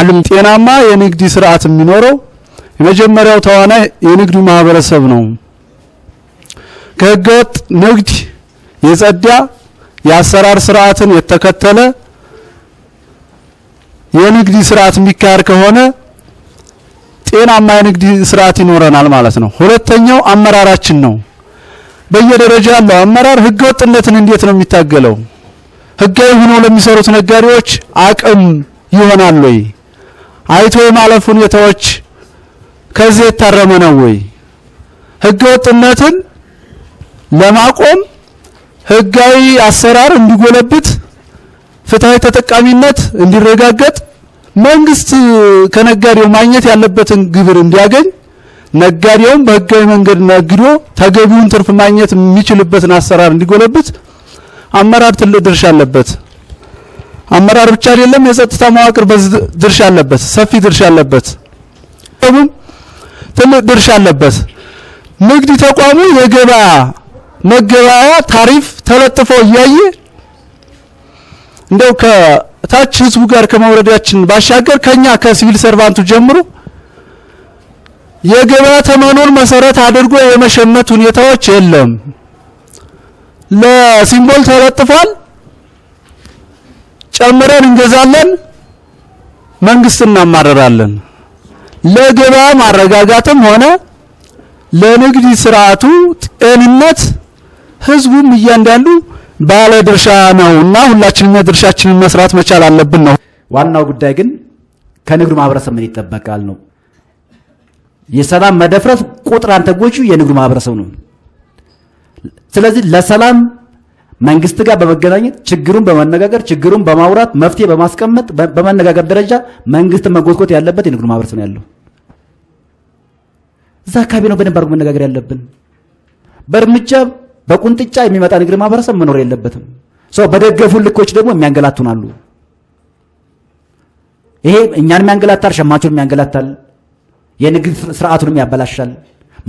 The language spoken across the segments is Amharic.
ዓለም ጤናማ የንግድ ስርዓት የሚኖረው የመጀመሪያው ተዋናይ የንግዱ ማህበረሰብ ነው። ከህገወጥ ንግድ የጸዳ የአሰራር ስርዓትን የተከተለ የንግድ ስርዓት የሚካሄድ ከሆነ ጤናማ የንግድ ስርዓት ይኖረናል ማለት ነው። ሁለተኛው አመራራችን ነው። በየደረጃ ያለው አመራር ህገወጥነትን እንዴት ነው የሚታገለው? ህጋዊ ሆኖ ለሚሰሩት ነጋዴዎች አቅም ይሆናል ወይ? አይቶ የማለፍ ሁኔታዎች ከዚህ የታረመ ነው ወይ? ህገ ወጥነትን ለማቆም ህጋዊ አሰራር እንዲጎለብት፣ ፍትሃዊ ተጠቃሚነት እንዲረጋገጥ፣ መንግስት ከነጋዴው ማግኘት ያለበትን ግብር እንዲያገኝ፣ ነጋዴውም በህጋዊ መንገድ ነግዶ ተገቢውን ትርፍ ማግኘት የሚችልበትን አሰራር እንዲጎለብት አመራር ትልቅ ድርሻ አለበት። አመራር ብቻ አይደለም፣ የጸጥታ መዋቅር በዚህ ድርሻ አለበት፣ ሰፊ ድርሻ አለበት፣ ተቋሙም ትልቅ ድርሻ አለበት። ንግድ ተቋሙ የገበያ መገበያያ ታሪፍ ተለጥፎ እያየ እንደው ከታች ህዝቡ ጋር ከመውረዳችን ባሻገር ከኛ ከሲቪል ሰርቫንቱ ጀምሮ የገበያ ተመኖን መሰረት አድርጎ የመሸመት ሁኔታዎች የለም። ለሲምቦል ተለጥፏል። ጨምረን እንገዛለን፣ መንግስት እናማረራለን። ለገበያ ማረጋጋትም ሆነ ለንግድ ስርዓቱ ጤንነት ህዝቡም እያንዳንዱ ባለ ድርሻ ነው እና ሁላችንም ድርሻችንን መስራት መቻል አለብን ነው ዋናው ጉዳይ። ግን ከንግዱ ማህበረሰብ ምን ይጠበቃል ነው። የሰላም መደፍረት ቁጥር አንድ ተጎጂው የንግዱ ማህበረሰብ ነው። ስለዚህ ለሰላም መንግስት ጋር በመገናኘት ችግሩን በመነጋገር ችግሩን በማውራት መፍትሄ በማስቀመጥ በመነጋገር ደረጃ መንግስት መጎትጎት ያለበት የንግዱ ማህበረሰብ ነው ያለው። እዛ አካባቢ ነው በደንብ አድርጎ መነጋገር ያለብን። በእርምጃ በቁንጥጫ የሚመጣ ንግድ ማህበረሰብ መኖር የለበትም። ሰው በደገፉ ልኮች ደግሞ የሚያንገላቱን አሉ። ይሄ እኛን የሚያንገላታል፣ ሸማቹን የሚያንገላታል፣ የንግድ ስርዓቱንም ያበላሻል።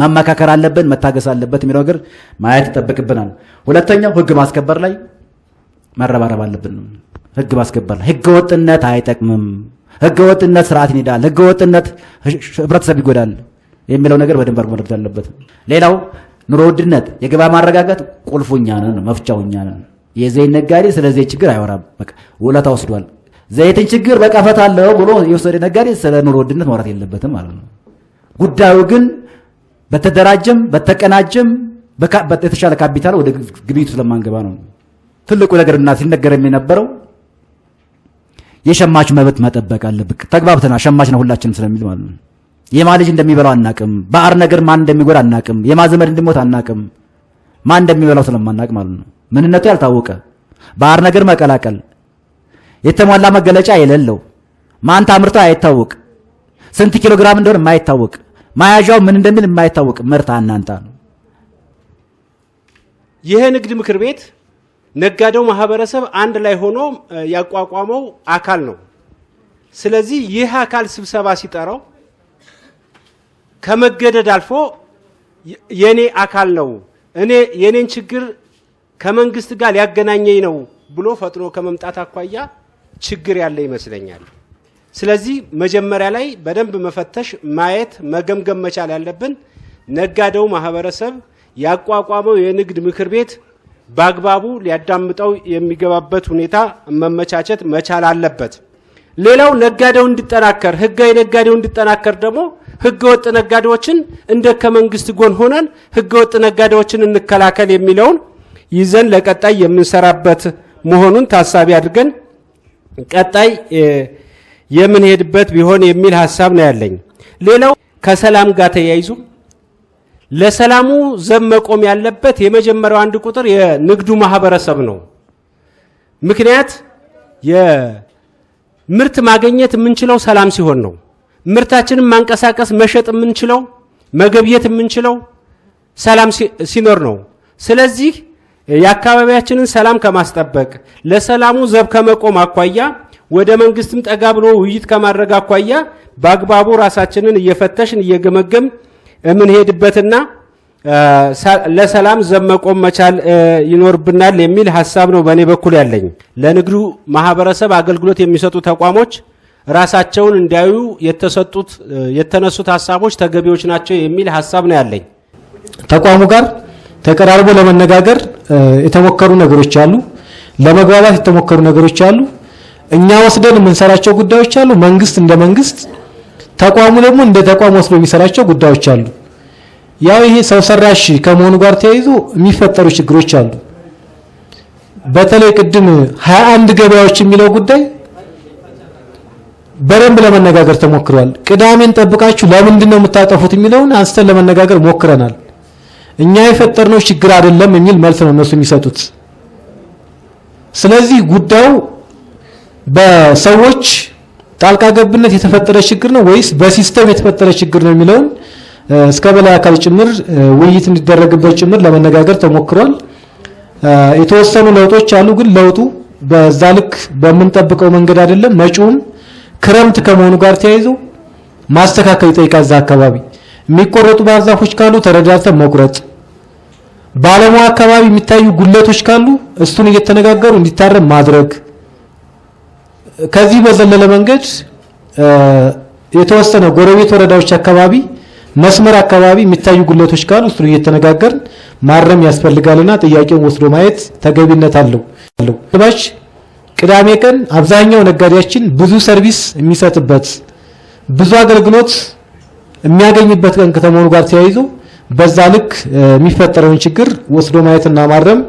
ማመካከር አለብን፣ መታገስ አለበት የሚለው ነገር ማየት ይጠበቅብናል። ሁለተኛው ህግ ማስከበር ላይ መረባረብ አለብን። ህግ ማስከበር ላይ ህገ ወጥነት አይጠቅምም፣ ህገ ወጥነት ስርዓት ይሄዳል፣ ህገ ወጥነት ህብረተሰብ ይጎዳል የሚለው ነገር በድንበር መረዳት አለበት። ሌላው ኑሮ ውድነት፣ የገበያ ማረጋጋት ቁልፉ እኛ ነን፣ መፍቻው እኛ ነን። የዘይት ነጋዴ ስለ ዘይት ችግር አይወራም። በቃ ውለታ ወስዷል። ዘይትን ችግር በቃ እፈታለሁ ብሎ የወሰደ ነጋዴ ስለ ኑሮ ውድነት ማውራት የለበትም ማለት ነው። ጉዳዩ ግን በተደራጀም በተቀናጀም የተሻለ ካፒታል ወደ ግብይቱ ስለማንገባ ነው። ትልቁ ነገር እና ሲነገር የነበረው የሸማች መብት መጠበቅ አለብህ። ተግባብተና ሸማች ነው ሁላችንም ስለሚል ማለት ነው። የማ ልጅ እንደሚበላው አናቅም። ባዕር ነገር ማን እንደሚጎዳ አናቅም። የማዘመድ እንደሚሞት አናቅም። ማን እንደሚበላው ስለማናቅ ማለት ነው። ምንነቱ ያልታወቀ በአር ነገር መቀላቀል የተሟላ መገለጫ የሌለው ማን ታምርተው አይታወቅ፣ ስንት ኪሎ ግራም እንደሆነ ማይታወቅ መያዣው ምን እንደሚል የማይታወቅ ምርት አናንታ ነው። ይሄ ንግድ ምክር ቤት ነጋዴው ማህበረሰብ አንድ ላይ ሆኖ ያቋቋመው አካል ነው። ስለዚህ ይህ አካል ስብሰባ ሲጠራው ከመገደድ አልፎ የኔ አካል ነው እኔ የኔን ችግር ከመንግስት ጋር ሊያገናኘኝ ነው ብሎ ፈጥኖ ከመምጣት አኳያ ችግር ያለ ይመስለኛል። ስለዚህ መጀመሪያ ላይ በደንብ መፈተሽ፣ ማየት፣ መገምገም መቻል ያለብን ነጋዴው ማህበረሰብ ያቋቋመው የንግድ ምክር ቤት በአግባቡ ሊያዳምጠው የሚገባበት ሁኔታ መመቻቸት መቻል አለበት። ሌላው ነጋዴው እንዲጠናከር ህጋዊ ነጋዴው እንዲጠናከር ደግሞ ህገወጥ ነጋዴዎችን እንደ ከመንግስት ጎን ሆነን ህገወጥ ነጋዴዎችን እንከላከል የሚለውን ይዘን ለቀጣይ የምንሰራበት መሆኑን ታሳቢ አድርገን ቀጣይ የምንሄድበት ቢሆን የሚል ሀሳብ ነው ያለኝ። ሌላው ከሰላም ጋር ተያይዞ ለሰላሙ ዘብ መቆም ያለበት የመጀመሪያው አንድ ቁጥር የንግዱ ማህበረሰብ ነው። ምክንያት የምርት ማግኘት የምንችለው ሰላም ሲሆን ነው። ምርታችንን ማንቀሳቀስ መሸጥ የምንችለው መገብየት የምንችለው ሰላም ሲኖር ነው። ስለዚህ የአካባቢያችንን ሰላም ከማስጠበቅ ለሰላሙ ዘብ ከመቆም አኳያ ወደ መንግስትም ጠጋ ብሎ ውይይት ከማድረግ አኳያ በአግባቡ ራሳችንን እየፈተሽን እየገመገም የምንሄድበትና ለሰላም ዘመቆም መቻል ይኖርብናል የሚል ሀሳብ ነው በእኔ በኩል ያለኝ። ለንግዱ ማህበረሰብ አገልግሎት የሚሰጡ ተቋሞች ራሳቸውን እንዲያዩ የተሰጡት የተነሱት ሀሳቦች ተገቢዎች ናቸው የሚል ሀሳብ ነው ያለኝ። ተቋሙ ጋር ተቀራርቦ ለመነጋገር የተሞከሩ ነገሮች አሉ። ለመግባባት የተሞከሩ ነገሮች አሉ። እኛ ወስደን የምንሰራቸው ጉዳዮች አሉ። መንግስት እንደ መንግስት፣ ተቋሙ ደግሞ እንደ ተቋም ወስዶ የሚሰራቸው ጉዳዮች አሉ። ያው ይሄ ሰው ሰራሽ ከመሆኑ ጋር ተያይዞ የሚፈጠሩ ችግሮች አሉ። በተለይ ቅድም 21 አንድ ገበያዎች የሚለው ጉዳይ በደንብ ለመነጋገር ተሞክሯል። ቅዳሜን ጠብቃችሁ ለምንድን ነው የምታጠፉት የሚለውን አንስተን ለመነጋገር ሞክረናል። እኛ የፈጠርነው ችግር አይደለም የሚል መልስ ነው እነሱ የሚሰጡት። ስለዚህ ጉዳዩ በሰዎች ጣልቃ ገብነት የተፈጠረ ችግር ነው ወይስ በሲስተም የተፈጠረ ችግር ነው የሚለውን እስከ በላይ አካል ጭምር ውይይት እንዲደረግበት ጭምር ለመነጋገር ተሞክሯል። የተወሰኑ ለውጦች አሉ፣ ግን ለውጡ በዛ ልክ በምንጠብቀው መንገድ አይደለም። መጪውም ክረምት ከመሆኑ ጋር ተያይዞ ማስተካከል ይጠይቃል። እዛ አካባቢ የሚቆረጡ ባዛፎች ካሉ ተረዳርተን መቁረጥ፣ ባለሙያ አካባቢ የሚታዩ ጉለቶች ካሉ እሱን እየተነጋገሩ እንዲታረም ማድረግ ከዚህ በዘለለ መንገድ የተወሰነ ጎረቤት ወረዳዎች አካባቢ መስመር አካባቢ የሚታዩ ጉለቶች ካሉ እሱን እየተነጋገርን ማረም ያስፈልጋልና ጥያቄውን ወስዶ ማየት ተገቢነት አለው። ባች ቅዳሜ ቀን አብዛኛው ነጋዴያችን ብዙ ሰርቪስ የሚሰጥበት ብዙ አገልግሎት የሚያገኝበት ቀን ከተመሆኑ ጋር ተያይዞ በዛ ልክ የሚፈጠረውን ችግር ወስዶ ማየትና ማረም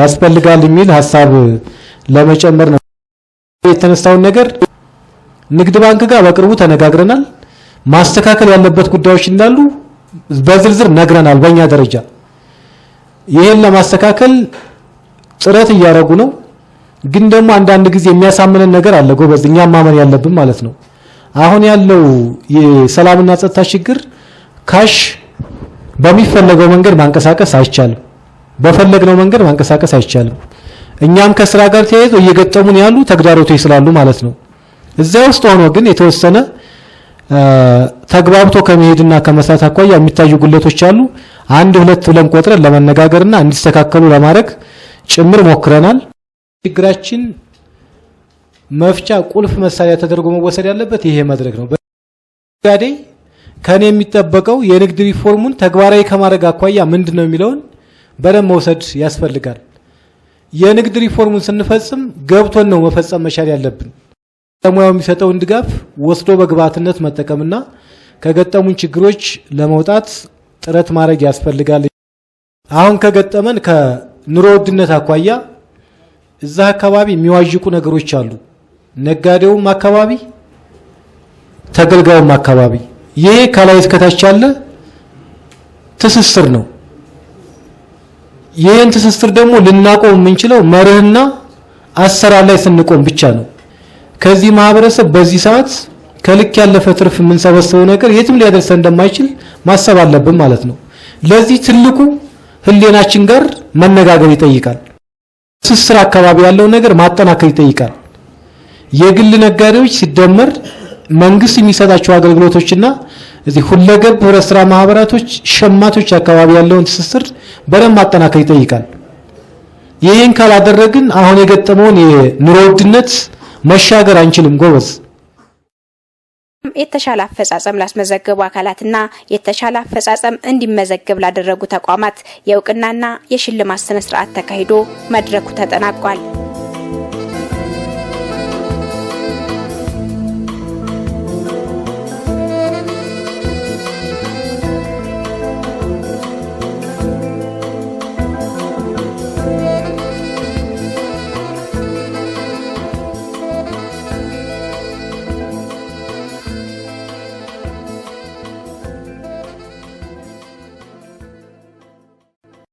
ያስፈልጋል የሚል ሀሳብ ለመጨመር ነው። የተነሳውን ነገር ንግድ ባንክ ጋር በቅርቡ ተነጋግረናል። ማስተካከል ያለበት ጉዳዮች እንዳሉ በዝርዝር ነግረናል። በእኛ ደረጃ ይህን ለማስተካከል ጥረት እያደረጉ ነው። ግን ደግሞ አንዳንድ ጊዜ የሚያሳምንን ነገር አለ ጎበዝ፣ እኛም ማመን ያለብን ማለት ነው። አሁን ያለው የሰላምና ጸጥታ ችግር ካሽ በሚፈለገው መንገድ ማንቀሳቀስ አይቻልም። በፈለግነው መንገድ ማንቀሳቀስ አይቻልም። እኛም ከስራ ጋር ተያይዞ እየገጠሙን ያሉ ተግዳሮቶች ስላሉ ማለት ነው። እዚያ ውስጥ ሆኖ ግን የተወሰነ ተግባብቶ ከመሄድና ከመስራት አኳያ የሚታዩ ጉለቶች አሉ። አንድ ሁለት ብለን ቆጥረን ለመነጋገርና እንዲስተካከሉ ለማድረግ ጭምር ሞክረናል። ችግራችን መፍቻ ቁልፍ መሳሪያ ተደርጎ መወሰድ ያለበት ይሄ መድረክ ነው። በጋዴ ከኔ የሚጠበቀው የንግድ ሪፎርሙን ተግባራዊ ከማድረግ አኳያ ምንድን ነው የሚለውን በደንብ መውሰድ ያስፈልጋል። የንግድ ሪፎርሙን ስንፈጽም ገብቶን ነው መፈጸም መቻል ያለብን። ባለሙያው የሚሰጠውን ድጋፍ ወስዶ በግብዓትነት መጠቀምና ከገጠሙን ችግሮች ለመውጣት ጥረት ማድረግ ያስፈልጋል። አሁን ከገጠመን ከኑሮ ውድነት አኳያ እዛ አካባቢ የሚዋዥቁ ነገሮች አሉ። ነጋዴውም አካባቢ ተገልጋዩም አካባቢ ይሄ ከላይ እስከታች ያለ ትስስር ነው። ይህን ትስስር ደግሞ ልናቆም የምንችለው መርህና አሰራር ላይ ስንቆም ብቻ ነው። ከዚህ ማህበረሰብ በዚህ ሰዓት ከልክ ያለፈ ትርፍ የምንሰበስበው ነገር የትም ሊያደርሰን እንደማይችል ማሰብ አለብን ማለት ነው። ለዚህ ትልቁ ህሌናችን ጋር መነጋገር ይጠይቃል። ትስስር አካባቢ ያለው ነገር ማጠናከር ይጠይቃል። የግል ነጋዴዎች ሲደመር መንግስት የሚሰጣቸው አገልግሎቶችና እዚህ ሁለገብ ህብረት ስራ ማህበራቶች ሸማቶች አካባቢ ያለውን ትስስር በደንብ ማጠናከር ይጠይቃል። ይህን ካላደረግን አሁን የገጠመውን የኑሮ ውድነት መሻገር አንችልም ጎበዝ። የተሻለ አፈጻጸም ላስመዘገቡ አካላትና የተሻለ አፈጻጸም እንዲመዘገብ ላደረጉ ተቋማት የእውቅናና የሽልማት ስነ ስርዓት ተካሂዶ መድረኩ ተጠናቋል።